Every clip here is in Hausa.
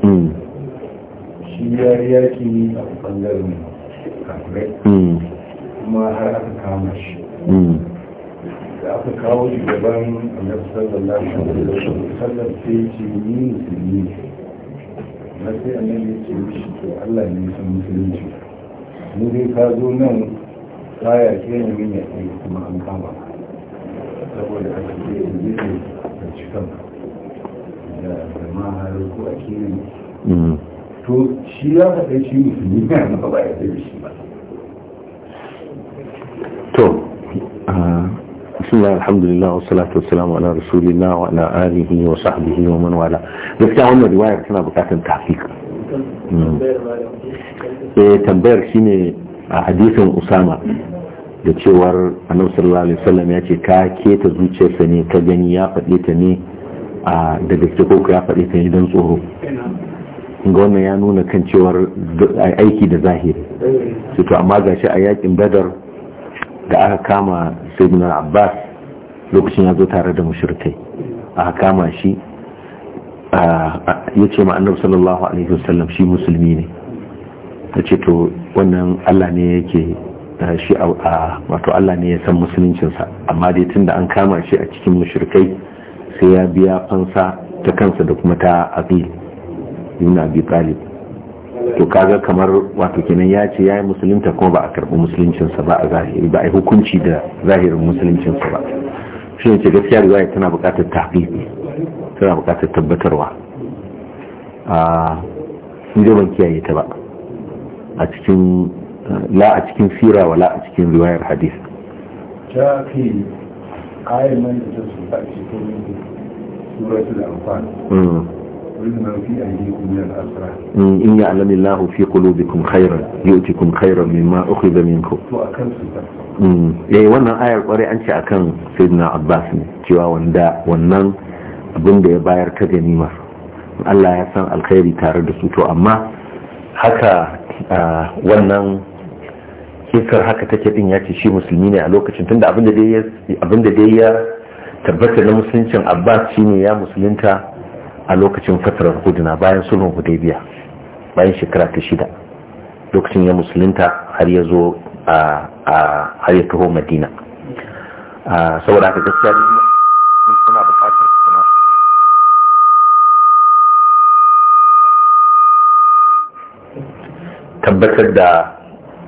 Hmm. shi ya yaki a ɓangaren kafirai hmm. kuma har aka kama shi hmm. da aka kawo shi gaban annabi sallallahu alaihi wasallam sai ce ni musulmi na sai annabi ya ce mishi to Allah ne san musulunci mu dai ka zo nan kaya ke ne min ya kuma an kama saboda aka ce yanzu to shi ya shi musulmi ne ba ya da shi ba to wa wa gaskiya wannan tana bukatar tahqiq hmm. eh tambayar shine a hadisin Usama da cewar Annabi sallallahu alaihi wasallam ya ce ka keta zuciyarsa ne ka gani ya faɗi ta ne a da gaske ko ya faɗi ta idan tsoro ga wannan ya nuna kan cewar aiki da zahiri su to amma gashi a yakin badar da aka kama sayyidina abbas lokacin ya zo tare da mushrikai aka kama shi ya ce ma sallallahu alaihi wasallam shi musulmi ne ta ce to wannan allah ne yake shi a wato allah ne ya san musuluncinsa amma dai tun da an kama shi a cikin mushrikai sai ya biya fansa ta kansa da kuma ta abi ibn abi talib to kaga kamar wato kenan ya ce ya yi musulunta kuma ba a karɓi musuluncinsa ba a zahiri ba a yi hukunci da zahirin musuluncinsa ba shi ne ce gaskiya riwaya tana buƙatar tahqiqi tana buƙatar tabbatarwa a inda ban kiyaye ta ba a cikin la a cikin sira wala a cikin riwayar hadisi ayar nan da ta su ta cikin suratul anfal إن يعلم الله في قلوبكم خيرا يؤتكم خيرا مما أخذ منكم yayi wannan ayar kwarai an ce akan sayyidina abbas ne cewa wannan abin da ya bayar ta ganima. Allah ya san alkhairi tare da su to amma haka ah, wannan kisar haka take din ya ce shi musulmi ne a lokacin tunda abin da dai ya tabbata na musuluncin abbas shi ne ya musulunta a lokacin fatarar huduna bayan sulhun hudaybiya bayan shekara ta shida lokacin ya musulunta har ya zo a har ya taho madina saboda haka gaskiya suna bukatar suna tabbatar da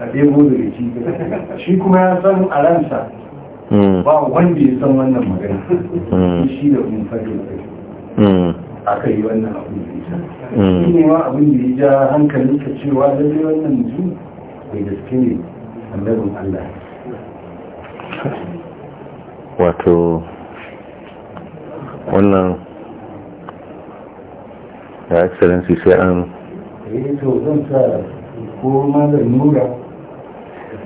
a ɗebo da shi shi kuma ya san a ransa hmm. ba wanda ya san wannan magana hmm. shi da kuma fadi a hmm. aka yi wannan abu da ita shi ne ma abin da ya ja hankalin ka cewa lallai wannan mutum bai gaske ne annabin Allah wato wannan ya excellency sai an eh to zan sa ko malam nura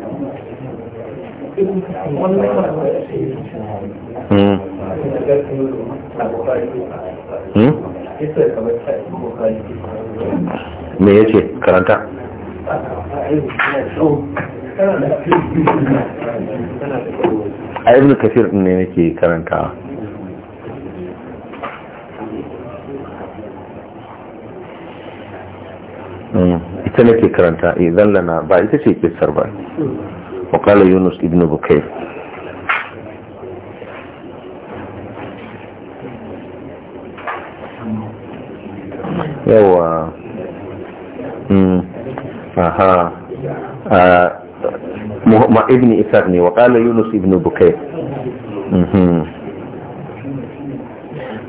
Hmm. Hmm? me ya ce karanta a yi kafir ne nake karanta Mm. hmm ita nake karanta idan eh, lana ba ita ce kisar ba wakala Yunus, ibn bukai yawa hmm. aha ah, ma ibn isar ne wakala yunus ibn bukai hmm, hmm.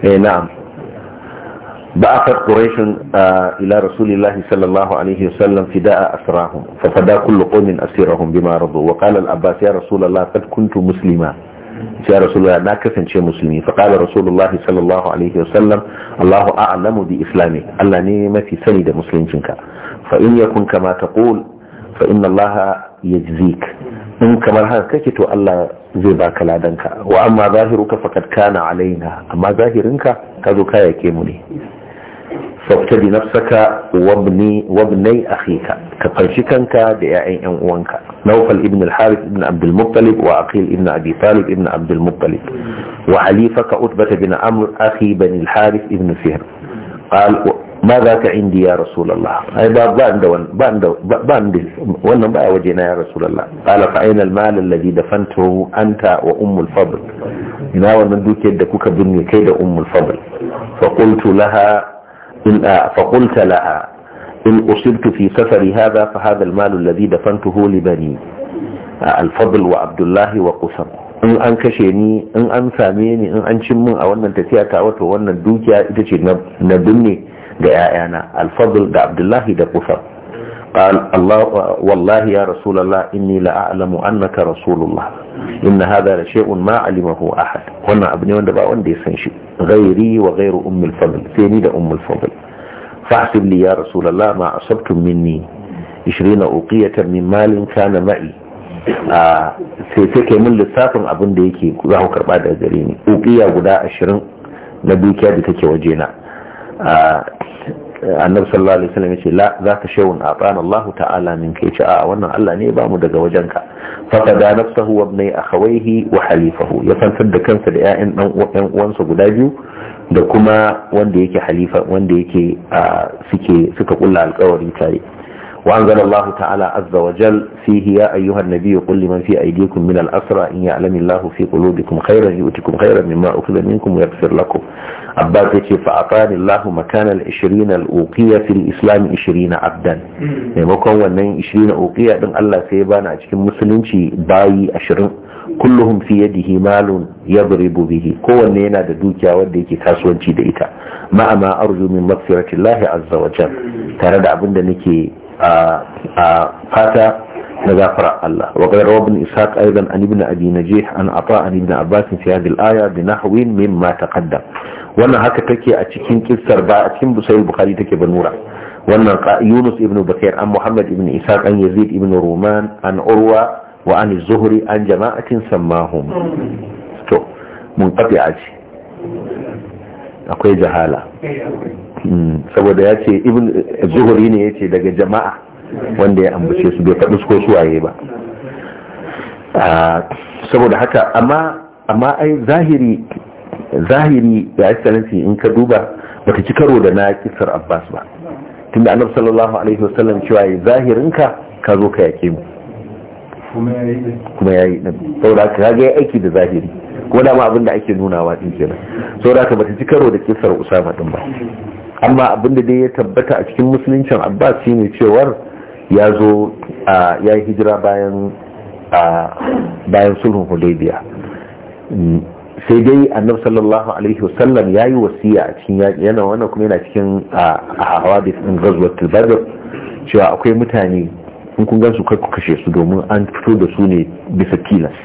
eh, na'am بعثت قريش إلى رسول الله صلى الله عليه وسلم فداء أسراهم ففدا كل قوم أسيرهم بما رضوا وقال الأباس يا رسول الله قد كنت مسلما يا رسول الله ناكسا شيء مسلمي فقال رسول الله صلى الله عليه وسلم الله أعلم بإسلامك ألا نيمة في سند مسلمتك فإن يكن كما تقول فإن الله يجزيك in kamar haka kake to Allah zai baka ladanka wa amma zahiruka faqad kana alaina amma zahirinka ka zo kayake mu ne faktabi nafsaka wabni wabnai akhika ka farshi kanka da 'ya'yan 'yan uwanka naufal ibn al-harith ibn abd muttalib wa aqil ibn abi talib ibn abd al-muttalib wa halifaka utbata bin amr akhi bani al-harith ibn sihr qal ma za ka indi ya rasulullah ai ba ba inda ba inda ba inda wannan ba waje na ya rasulallah. qala fa aina al-mal alladhi dafantahu anta wa ummul fadl ina wannan dukiyar da kuka binne kai da ummul fadl fa qultu laha إن فقلت لها إن أصبت في سفري هذا فهذا المال الذي دفنته لبني الفضل وعبد الله وقسم in an kashe ni in an same ni in an cin min a wannan tafiya ta wato wannan dukiya ita ce na binne ga 'ya'yana alfadl da abdullahi da kusam قال الله والله يا رسول الله إني لأعلم أنك رسول الله إن هذا لشيء ما علمه أحد وانا أبني وانا بقى وانا يسنشي غيري وغير أم الفضل ثاني دا أم الفضل فاحسب لي يا رسول الله ما أصبتم مني عشرين أوقية من مال كان معي sai sai kai mun lissafin abin da yake za ku karba daga gare ni ukiya guda ashirin na dukiya da take waje na annabi sallallahu alaihi wasallam yace la zaka shay'un atana Allah ta'ala min kai ce a wannan Allah ne ba mu daga wajenka fa da nafsuhu wa ibnai akhawaihi wa halifahu ya fantar da kansa da ƴaƴan dan uwansa guda biyu da kuma wanda yake halifa wanda yake suke suka kulla alƙawari tare وأنزل الله تعالى عز وجل فيه يا أيها النبي قل لمن في أيديكم من الأسرى إن يعلم الله في قلوبكم خيرا يؤتكم خيرا مما أخذ منكم ويغفر لكم عباس يتي فأعطاني الله مكان العشرين الأوقية في الإسلام عشرين عبدا ميمكن ونين عشرين أوقية دن الله سيبان أجكم مسلمشي باي عشرين kulluhum fi yadihi malun yadribu bihi kowanne yana da dukiya wanda yake kasuwanci da ita ma'ama arju min maghfiratillahi azza wa jal tare da abin da nake fata na gafara Allah wa qala ibn ishaq aidan an ibn abi najih an ata an ibn abbas fi hadhihi al-aya bi nahwin mimma taqaddam wannan haka take a cikin kissar ba a cikin sahih bukhari take banura wannan yunus ibn bakir an muhammad ibn ishaq an yazid ibn ruman an urwa wa an zuhri an jama'atin sammahum to mun kafi a ce akwai jahala saboda ya ce ibn zuhuri ne ya ce daga jama'a wanda ya ambace su bai faɗi ko suwaye ba saboda haka amma amma ai zahiri zahiri da excellency in ka duba baka ci karo da na kisar abbas ba tunda annabi sallallahu alaihi wasallam cewa zahirin ka ka zo ka yake mu kuma yayi din saboda ka ga aiki da zahiri ko da ma abin da ake nunawa din kenan saboda ka baka ci karo da kisar usama din ba amma abinda dai ya tabbata a cikin musuluncin abbas shine cewar ya zo ya yi hijira bayan bayan sulhun hudaybiya mm, sai dai annab sallallahu alaihi wasallam ya yi wasiya a cikin yana wannan kuma yana cikin a hawa da cikin gazuwar tilbarbar cewa akwai mutane in kun gan su kai ku kashe su domin an fito da su ne bisa tilas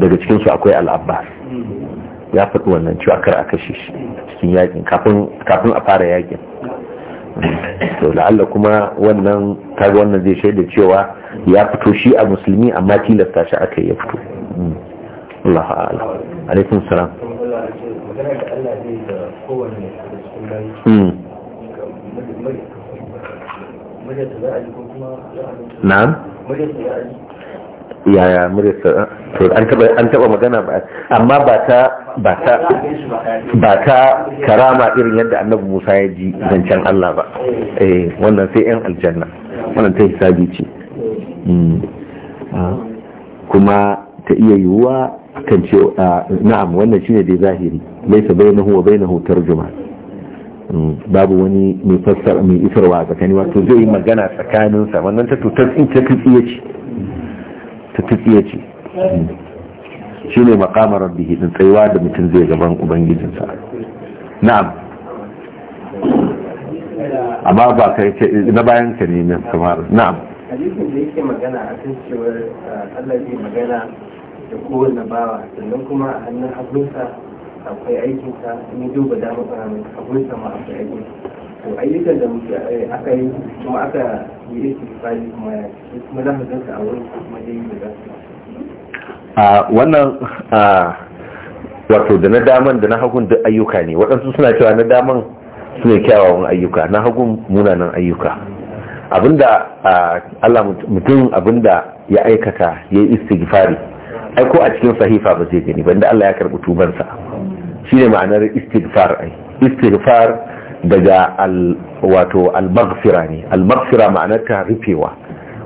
daga cikinsu akwai al'abbas mm. ya faɗi wannan cewa kar a kashe shi cikin yakin kafin a fara yakin to la'alla kuma wannan kaga wannan zai shaida cewa ya fito shi a musulmi amma tilasta shi aka ya fito hmm. Allah ala alaikun salam hmm. na'am yaya muryarsa to an taba magana ba amma ba ta ba ta ba ta karama irin yadda annabi Musa ya ji zancen Allah ba eh wannan sai yan aljanna wannan ta hisabi ce kuma ta iya yiwuwa kan ce na'am wannan shine dai zahiri laisa bainahu wa bainahu tarjuma babu wani mai fassara mai isarwa a tsakani wato zai yi magana tsakaninsa wannan ta tutar in ta tsiye ce ta tafiye ce shi ne makamar rabbi hidin tsayuwa da mutum zai gaban ubangijinsa na'am amma ba ka ce na bayan ka ne nan kamar na'am hadisin da yake magana a kan cewar ah, Allah zai magana da kowane bawa sannan kuma a hannun hagunsa akwai aikinsa in duba damar hannun hagunsa ma akwai aikinsa ayyukan da muke eh, aka yi kuma aka yi istifali kuma kuma za mu ganka a wurin kuma dai da a wannan wato da na daman da na hagun duk ayyuka ne waɗansu suna cewa na daman su ne kyawawan ayyuka na hagun munanan ayyuka abinda Allah mutum abinda ya aikata ya yi istighfari ai ko a cikin sahifa ba zai gani banda Allah ya karɓi tubansa shi ne ma'anar istighfar ai istighfar daga wato almaghfira ne almaghfira ma'anar ta rufewa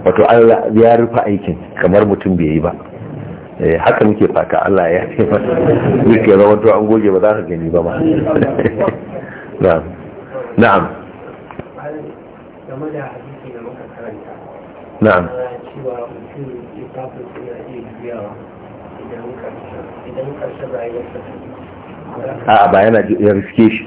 wato Allah ya rufe aikin kamar mutum bai yi ba eh, haka muke fata Allah ya ce masa muke zama to an goge ba za ka gani ba ma na'am na'am na'am a ba yana ya riske shi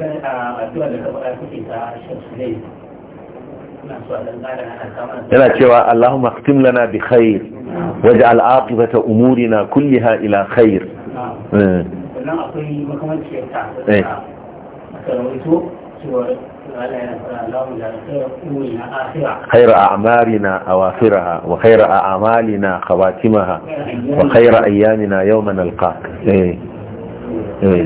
kusan a addu'a da ka faɗa kuke ta shamsulai yana cewa Allahumma khtim lana bi khair waj'al aqibata umurina kulliha ila khair sannan akwai makamanciyar ta خير أعمالنا أواخرها وخير أعمالنا خواتمها وخير أيامنا يوم نلقاك إيه. إيه.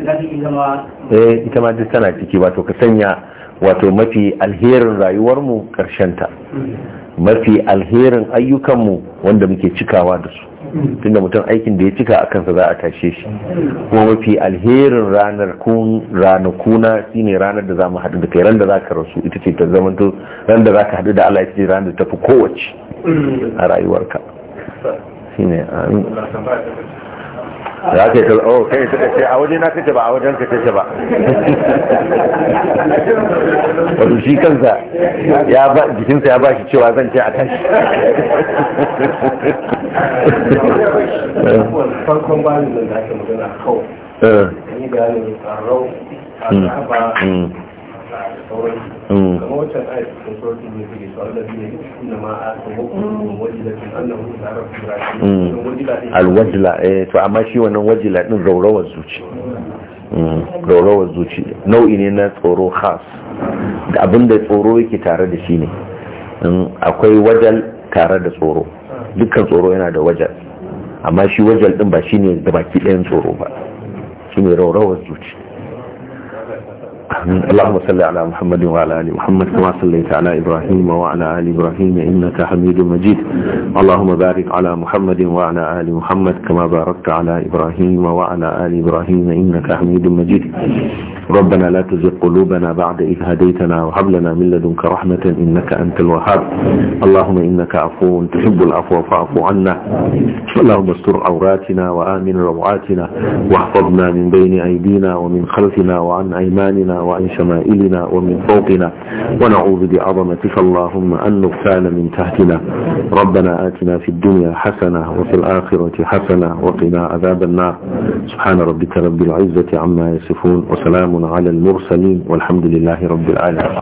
eh ita ma duk tana ciki wato ka sanya wato mafi alherin rayuwarmu ta mafi alherin ayyukanmu wanda muke cikawa da su tunda mutum aikin da ya cika a kansa za a tashe shi kuma mafi alherin ranar ranakuna shine ranar da za mu haɗu da kai ran da za ka rasu ita ce ta to ran da za ka haɗu da Allah ita ce ranar da tafi kowace a rayuwarka shine amin za ka yi oh kai ta ce a waje na kace ba a wajen ka kace ba wato shi kansa ya ba jikinsa ya bashi cewa zan ce a tashi farkon ni da ake magana kawai eh. Mm. Mm. alwajila eh to amma shi wannan wajila din raurawar zuci mm. raurawar zuci nau'i ne na tsoro khas da abinda tsoro yake tare da shi ne akwai wajal tare da tsoro dukkan tsoro yana da wajal amma shi wajal din ba ne da baki ɗayan tsoro ba shi ne raurawar zuci اللهم صل على محمد وعلى آل محمد كما صليت على إبراهيم وعلى آل إبراهيم إنك حميد مجيد اللهم بارك على محمد وعلى آل محمد كما باركت على إبراهيم وعلى آل إبراهيم إنك حميد مجيد ربنا لا تزغ قلوبنا بعد إذ هديتنا وهب لنا من لدنك رحمة إنك أنت الوهاب اللهم إنك عفو تحب العفو فاعف عنا اللهم استر عوراتنا وآمن روعاتنا واحفظنا من بين أيدينا ومن خلفنا وعن أيماننا وعن شمائلنا ومن فوقنا ونعوذ بعظمتك اللهم أن نغفال من تحتنا ربنا آتنا في الدنيا حسنة وفي الآخرة حسنة وقنا عذاب النار سبحان ربك رب العزة عما يصفون وسلام على المرسلين والحمد لله رب العالمين